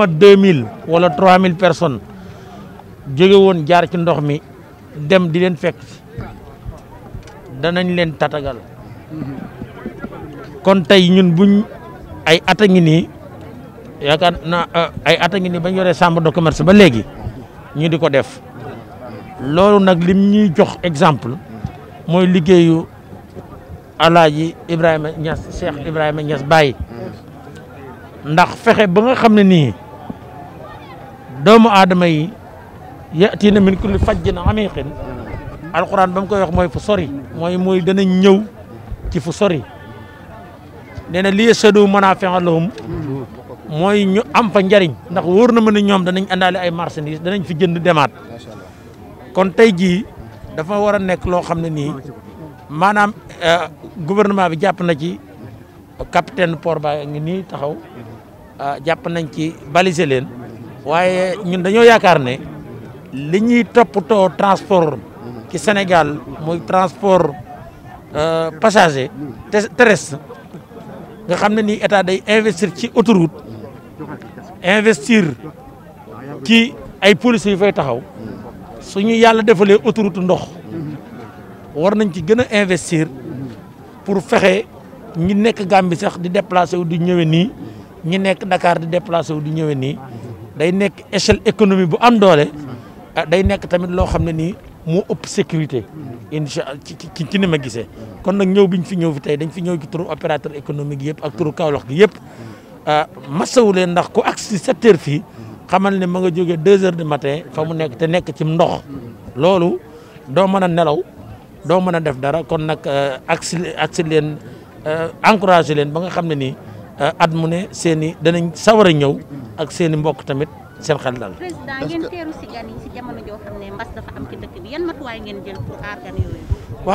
ma 2000 wala 3000 personne jóge won jaar ci ndokh mi dem di len fekk danañ len tatagal kon tay ñun buñ ay atangi ni ngi na eh, ay atangi ni bañ yoré chambre de commerce ba légui ñu diko def lolu nak lim ñuy jox exemple moy liggéeyu alaaji Ibrahima Niass Cheikh Ibrahima Niass Baye ndax fexé ba nga xamné ni doomu aadama yi yatiina min kulli fajjin amiqin alquran ba mu koy wax mooy fu sori mooy mooy dana ñëw ci fu sori nee na li sadu manaafi'a lahum mooy ñu am fa njariñ ndax wër na mën ne ñoom danañ àndaale ay marchandises danañ fi jënd demaat kon tey jii dafa war a nekk loo xam ne nii maanaam euh, gouvernement bi jàpp na ci capitaine por ba ngi nii taxaw euh, jàpp nañ ci baliser leen waaye ñun dañoo yaakaar ne li ñuy toppatoo transport ci Sénégal mooy transport euh, passager terrestre nga xam ne ni état day investir ci autoroute investir ci ay policiers yu fay taxaw suñu yàlla defalee autoroute ndox war nañ ci gën a investir pour fexe ñi nekk Gambie sax di déplacé wu di ñëwee nii ñi nekk Dakar di déplacé wu di ñëwee nii day nekk échelle économie bu am doole ah, day nekk tamit loo xam ne nii mu ëpp sécurité incha allah ci ci ci ni ma gisee kon nag ñëw biñ fi ñëw fi tey dañ fi ñëw ci turu opérateur économique yëpp ak turu Kaolack gi yëpp ah, masawu leen ndax ko agsi sept heures fii xamal ne ma nga jógee deux heures de matin fa mu nekk te nekk ci ndox loolu doo mën a nelaw doo mën a def dara kon nag ah, agsi agsi leen encouragé leen ba nga xam ne nii Euh, at mu ne seen i danañ sawar a ñëw ak seeni mbokk tamit seen xel daal. président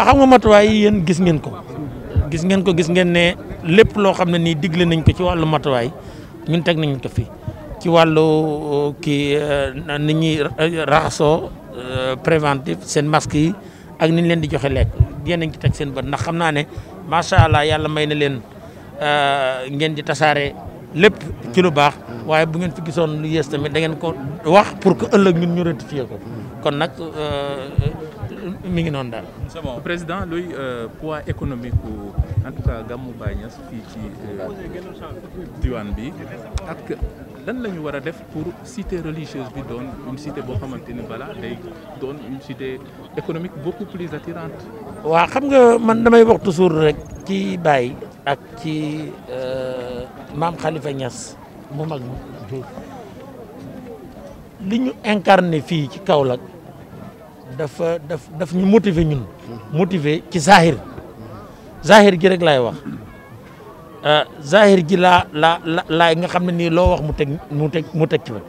xam nga matuwaay yi yéen gis ngeen ko gis ngeen ko gis ngeen ne lépp loo xam ne nii digle nañ ko ci wàllu matuwaay ñun teg nañ ko fi ci wàllu uh, kii uh, ni ñuy uh, raxasoo préventif seen masque yi ak ni leen di joxe lekk yéen a ci teg seen bët ndax xam naa ne macha allah yàlla may na leen. Euh, ngeen di tasaare lépp ci lu baax waaye bu ngeen fi gisoon lu yées tamit da ngeen ko wax pour que ëllëg ñun ñu rectifié ko kon nag euh, mi ngi noonu daal. c'est bon président luy euh, poids économique en tout cas Gamou Baye Niass ci diwaan bi ak lan la war a def pour cité religieuse bi doon une cité boo xamante ni voilà day doon une cité économique beaucoup plus attirante. waaw xam nga man damay wax toujours rek ci Baye ak ci euh, maam Khalifa Niass mu mag ma li ñu incarné fii ci Kaolack dafa daf daf ñu motiver ñun motive ci zahir zahir gi rek laay wax euh, zahir gi laa laa laay nga xam ne nii loo wax mu teg mu teg mu teg ci ba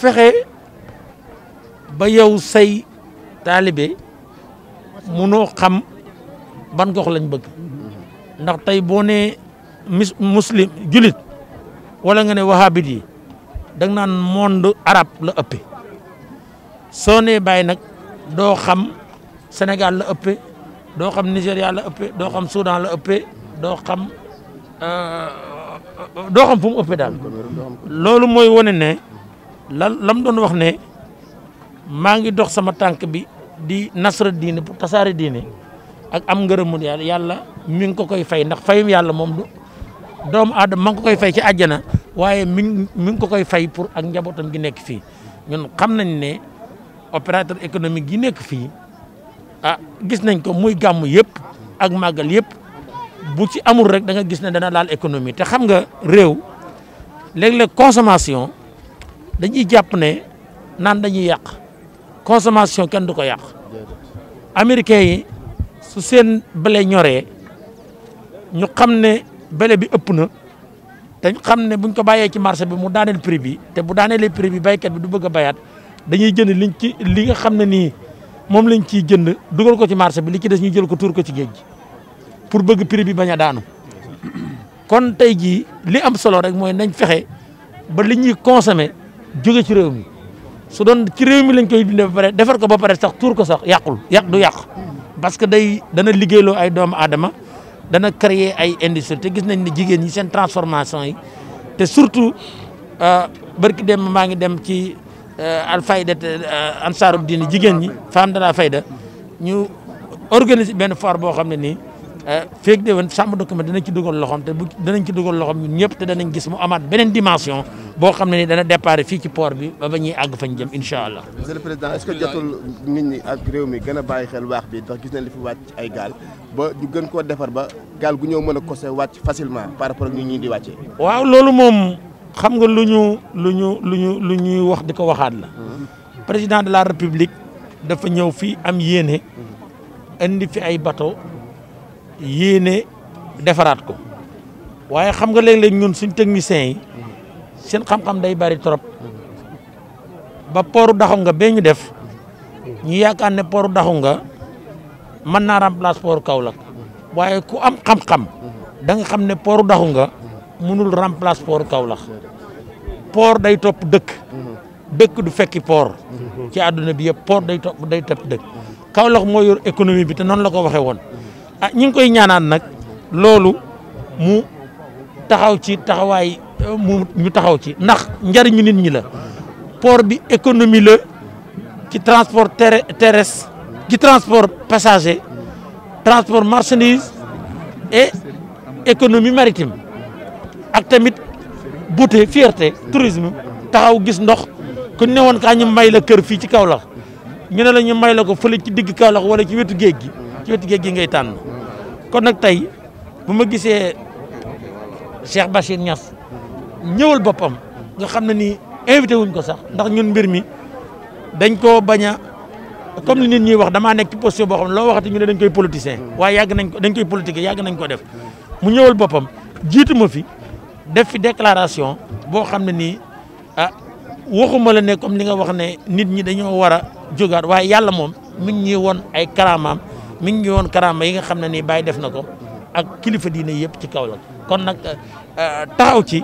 fexe ba yow say taalibe munoo xam ban gox lañ bëgg ndax tey boo nee mis muslim julit walla nga ne wahabit yi da nga naan monde arabe la ëppe soo nee bàyyi nag doo xam senegal la ëppe doo xam Nigéria la ëppe doo xam Soudan la ëppee doo xam euh, euh, doo xam fu ëppee daal loolu mooy wane ne lan la mu doon wax ne maa ngi dox sama tànk bi di nasra diine pour tasaare diine ak am ngërëmul yàlla yàlla mi ngi ko koy fay ndax fayum yàlla moom doomu aadama ma ngi ko koy fay ci àjjana waaye mi ngi mi ngi ko koy fay pour ak njabootam gi nekk fii ñun xam nañ ne opérateur économique yi nekk fii ah gis nañ ko muy gàmm yëpp ak màggal yëpp bu ci amul rek danga gis ne dana laal économie te xam nga réew léeg-léeg consommation dañuy jàpp ne naan dañuy yàq consommation kenn du ko yàq américain su seen bële ñoree ñu xam ne bële bi ëpp na dañ xam ne buñ ko bàyyee ci marché bi mu daaneel prix bi te bu daaneelee prix bi béykat bi du bëgg a bayaat dañuy jënd liñ ci li nga xam ne nii moom lañ ciy jënd dugal ko ci marché bi li ci des ñu jël ko tuur ko ci géej gi pour bëgg prix bi bañ a daanu kon tey jii li am solo rek mooy nañ fexe ba li ñuy consommer jóge ci réew mi su doon ci réew mi lañ koy dundee ba pare defar ko ba pare sax tuur ko sax yàqul yàq du yàq parce que day dana liggéeyloo ay doomu aadama dana créer ay industrie te gis nañ ne jigéen ñi seen transformation yi te surtout euh, barki dem maa ngi dem ci euh, alfayda euh, ansaaru diine jigéen ñi femme de la fayda ñu organiser benn foire boo xam ne nii Eh, feeg déwén chambre de commerce dinañ ci dugal loxoom te bu danañ ci dugal loxoom ñun ñëpp te danañ gis mu amaat beneen dimension boo xam ne ni dana départ fii ci port bi ba ba ñuy àgg fañ jëm incha allah. monsieur le président est ce que jotul nit ñi ak réew mi gën a bàyyi xel waax bi ndax gis nañ li fi wàcc ay gaal ba ñu gën koo defar ba gaal gu ñëw mën a kose wàcc facilement par rapport ak ñu ñii di wàccee. waaw loolu moom xam nga lu ñu lu ñu lu ñu lu ñuy wax di ko waxaat la. président de la république dafa ñëw fii am yéene mhm. indi fi ay bateau yéene defaraat ko waaye xam nga léeg-léeg ñun suñ techniciens yi seen xam-xam day bari trop ba pooru daxu nga bee ñu def ñu yaakaar ne pooru daxu nga mën naa remplace pooru Kaolack waaye ku am xam-xam da xam ne pooru daxu nga mënul remplace pooru poor day topp dëkk dëkk du fekki poor ci àdduna bi yëpp port day topp day topp dëkk Kaolack moo yor économie bi te noonu la ko waxee woon Ah, ñing koy ñaanaan nak lolu mu taxaw ci taxaway euh, mu ñu taxaw ci ndax ñu nit ñi la port bi économie le ci transport terrestre ci transport passager transport marchandise et économie maritime ak tamit beauté fierté tourisme taxaw gis ndox ku ne ka ñu may la kër fi ci Kaolack ñu ne la ñu may la ko fele ci digg Kaolack wala ci wetu géej gi ci wetu géej gi ngay tànn kon nag tey bu ma gisee Cheikh Bachir ñas ñëwal boppam nga xam ne ni invité wuñ ko sax ndax ñun mbir mi dañ koo bañ comme li nit ñuy wax damaa nekk ci position boo xam ne loo waxati ñu ne dañ politicien waaye yàgg nañ ko dañ koy politique yàgg nañ ko def mu ñëwal boppam jiitu ma fi def fi déclaration boo xam ne nii ah waxuma la ne comme li nga wax ne nit ñi dañoo war a jógaat waaye yàlla moom mi ñi ñuy ay karaamaam mi ngi woon karaama yi nga xam ne nii Baye def na ko ak kilifa diine yëpp ci kaw la kon nag euh, euh, taxaw ci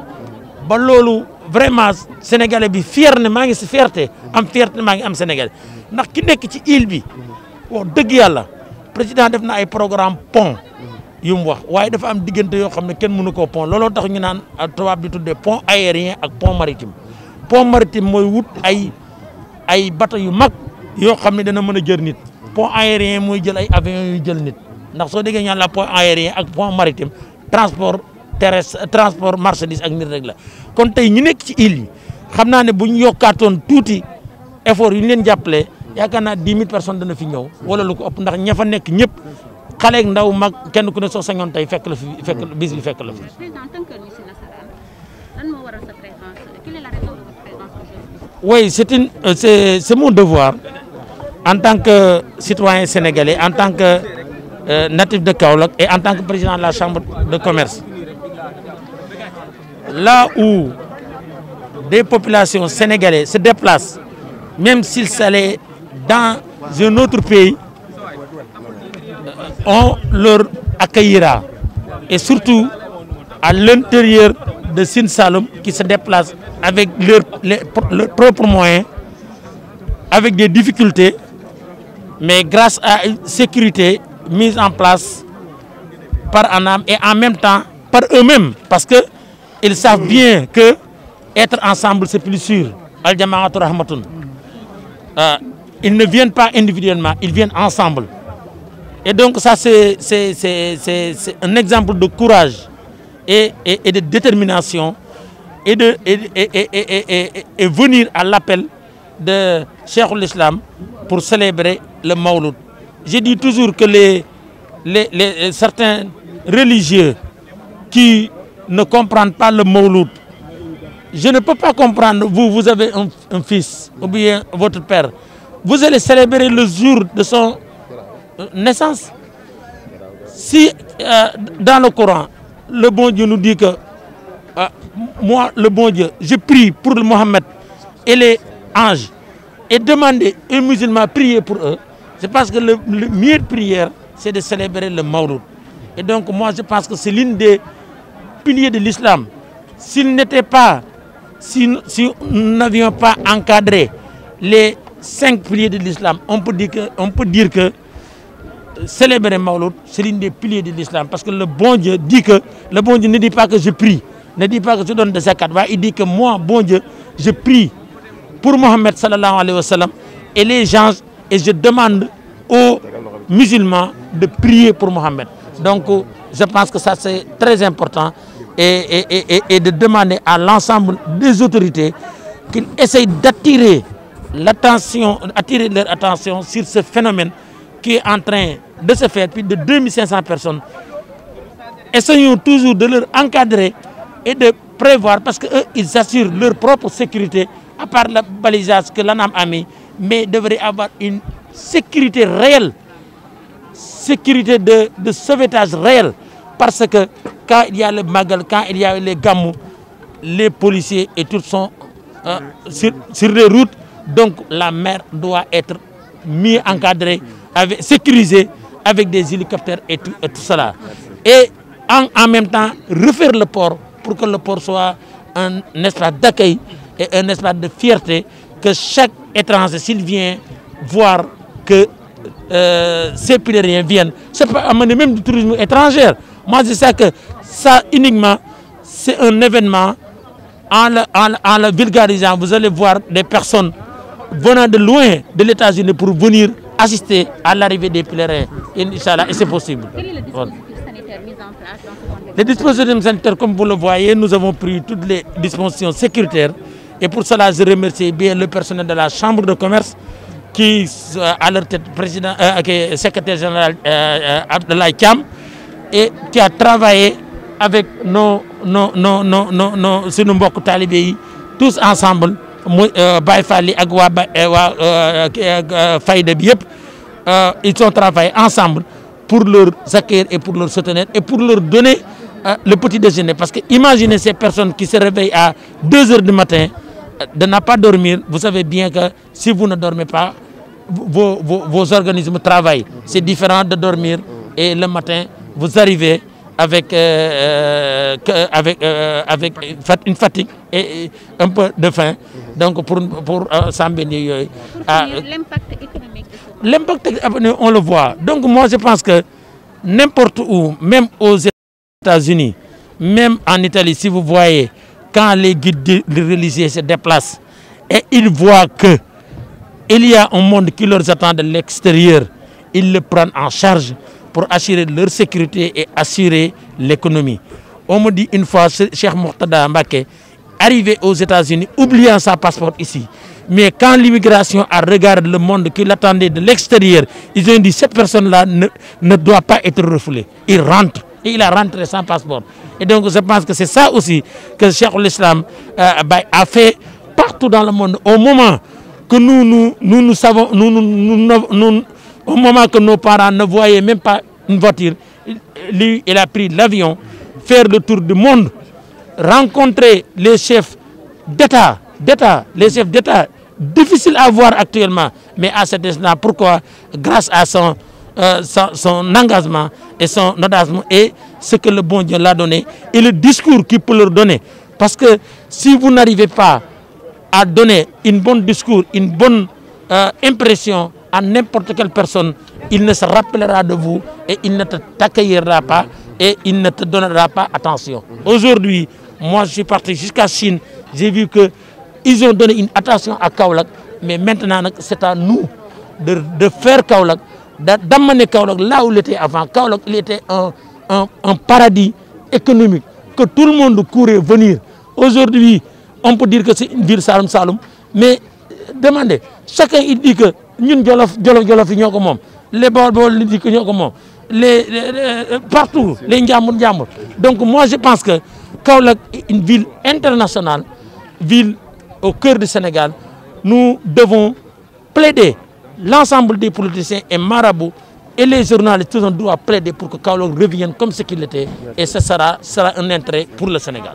ba loolu vraiment sénégalais bi fier ne maa ngi si fierté am fierté maa ngi am sénégalais ndax ki nekk ci île bi wax dëgg yàlla président def na ay programme pont yu mu wax waaye dafa am diggante yoo xam ne kenn mënu koo pont looloo tax ñu naan euh, tubaab di tuddee pont aérien ak pont maritime pont maritime mooy wut ay ay bateau yu mag yoo xam ne dana mën a jër nit pont aérien moy jël ay avion yu jël nit ndax so dégué ñaan la pont aérien ak pont maritime transport terrestre transport marchandise ak nit rek la kon tay ñu nekk ci île xamna né naa ne touti effort yu ñu leen jàppalee yaakaar naa dix mille personnes dana fi ñëw wala lu ko ëpp ndax ña fa nekk ñëpp xalé ak ndaw mag kenn ku ne so sañon tay fekk la fi fekk mm. bis bi fekk la fi. oui c'est une euh, c'est c'est mon devoir en tant que citoyen sénégalais, en tant que euh, natif de Kaolok et en tant que président de la Chambre de commerce, là où des populations sénégalaises se déplacent, même s'ils allaient dans un autre pays, euh, on leur accueillera. Et surtout à l'intérieur de Sine qui se déplacent avec leurs propres moyens, avec des difficultés, mais grâce à une sécurité mise en place par ANAM et en même temps par eux-mêmes, parce qu'ils savent bien que être ensemble c'est plus sûr. Euh, ils ne viennent pas individuellement, ils viennent ensemble. Et donc ça c'est un exemple de courage et, de détermination et, de, venir à l'appel de Cheikh l'Islam pour célébrer le Mawlud. J'ai dit toujours que les, les, euh, certains religieux qui ne comprennent pas le Mawlud, je ne peux pas comprendre, vous, vous avez un, fils ou bien votre père, vous allez célébrer le jour de son euh, naissance. Si euh, dans le Coran, le bon Dieu nous dit que moi, le bon Dieu, je prie pour le Mohammed et les ange et demander aux musulmans de prier pour eux, c'est parce que le, meilleure prière, c'est de célébrer le maouloud Et donc moi, je pense que c'est l'une des piliers de l'islam. S'il n'était pas, si, si nous n'avions pas encadré les cinq piliers de l'islam, on peut dire que, on peut dire que euh, célébrer c'est l'une des piliers de l'islam. Parce que le bon Dieu dit que, le bon Dieu ne dit pas que je prie, ne dit pas que je donne des zakat. Il dit que moi, bon Dieu, je prie pour Mohamed, sallallahu alayhi wa sallam et les gens et je demande aux musulmans de prier pour Mohamed... Donc je pense que ça c'est très important et, et, de demander à l'ensemble des autorités qu'ils essayent d'attirer l'attention, attirer leur attention sur ce phénomène qui est en train de se faire, Puis de 2500 personnes. Essayons toujours de leur encadrer et de prévoir parce qu'eux, ils assurent leur propre sécurité à part le balisage que l'ANAM a mis, mais devrait avoir une sécurité réelle, sécurité de, de sauvetage réelle. Parce que quand il y a le Magal, quand il y a les Gamou, les policiers et tout sont euh, sur, les routes. Donc la mer doit être mieux encadrée, sécurisée avec des hélicoptères et tout, et tout cela. Et en, même temps, refaire le port pour que le port soit un, un espace d'accueil et un espace de fierté que chaque étranger, s'il vient voir que euh, ces pèlerins viennent, ça pas amener même du tourisme étranger. Moi, je sais que ça, uniquement, c'est un événement. En le, vulgarisant, vous allez voir des personnes venant de loin de l'État-Unis pour venir assister à l'arrivée des pèlerins. et c'est possible. Quel est le dispositif sanitaire mis en place Les dispositifs sanitaires, comme vous le voyez, nous avons pris toutes les dispositions sécuritaires et pour cela, je remercie bien le personnel de la Chambre de commerce qui, euh, à leur tête, président, euh, secrétaire général de euh, Abdelai et qui a travaillé avec nos, tous ensemble Baye ils ont travaillé ensemble pour leur accueillir et pour leur soutenir et pour leur donner le petit déjeuner parce que imaginez ces personnes qui se réveillent à 2 h du matin de ne pas dormir, vous savez bien que si vous ne dormez pas, vos, organismes travaillent. C'est différent de dormir et le matin, vous arrivez avec, euh, euh, avec, euh, avec une fatigue et un peu de faim. Donc pour, pour euh, s'en ah, L'impact économique L'impact ah, on le voit. Donc moi je pense que n'importe où, même aux États-Unis, même en Italie, si vous voyez quand les guides religieux se déplacent et ils voient qu'il y a un monde qui leur attend de l'extérieur, ils le prennent en charge pour assurer leur sécurité et assurer l'économie. On me dit une fois, Cheikh Mortada Mbake, arrivé aux États-Unis, oubliant sa passeport ici. Mais quand l'immigration a regardé le monde qui l'attendait de l'extérieur, ils ont dit cette personne-là ne, ne doit pas être refoulée. Il rentre. Et il a rentré sans passeport. Et donc je pense que c'est ça aussi que Cheikh l'Islam euh, a fait partout dans le monde. Au moment que nous, nous, nous, savons, nous, au moment que nos parents ne voyaient même pas une voiture, lui, il a pris l'avion, faire le tour du monde, rencontrer les chefs d'État, d'État, les chefs d'État, difficile à voir actuellement, mais à cet instant, pourquoi Grâce à son euh, son, engagement et son audace et ce que le bon Dieu l'a donné et le discours qu'il peut leur donner. Parce que si vous n'arrivez pas à donner un bon discours, une bonne euh, impression à n'importe quelle personne, il ne se rappellera de vous et il ne t'accueillera pas et il ne te donnera pas attention. Aujourd'hui, moi je suis parti jusqu'à Chine, j'ai vu que ils ont donné une attention à Kaolak, mais maintenant c'est à nous de, de faire Kaolak d'amener Kaolok là où il était avant. Kaolok, il était un, paradis économique que tout le monde courait venir. Aujourd'hui, on peut dire que c'est une ville salam salam mais euh, demandez, chacun il dit que nous, comme moi les disent que nous, les, euh, partout, les Donc moi, je pense que Kaolok une ville internationale, ville au cœur du Sénégal. Nous devons plaider l'ensemble des politiciens et marabouts et les journalistes ont droit à plaider pour que Kaolong revienne comme ce qu'il était. Et ce sera, sera un intérêt pour le Sénégal.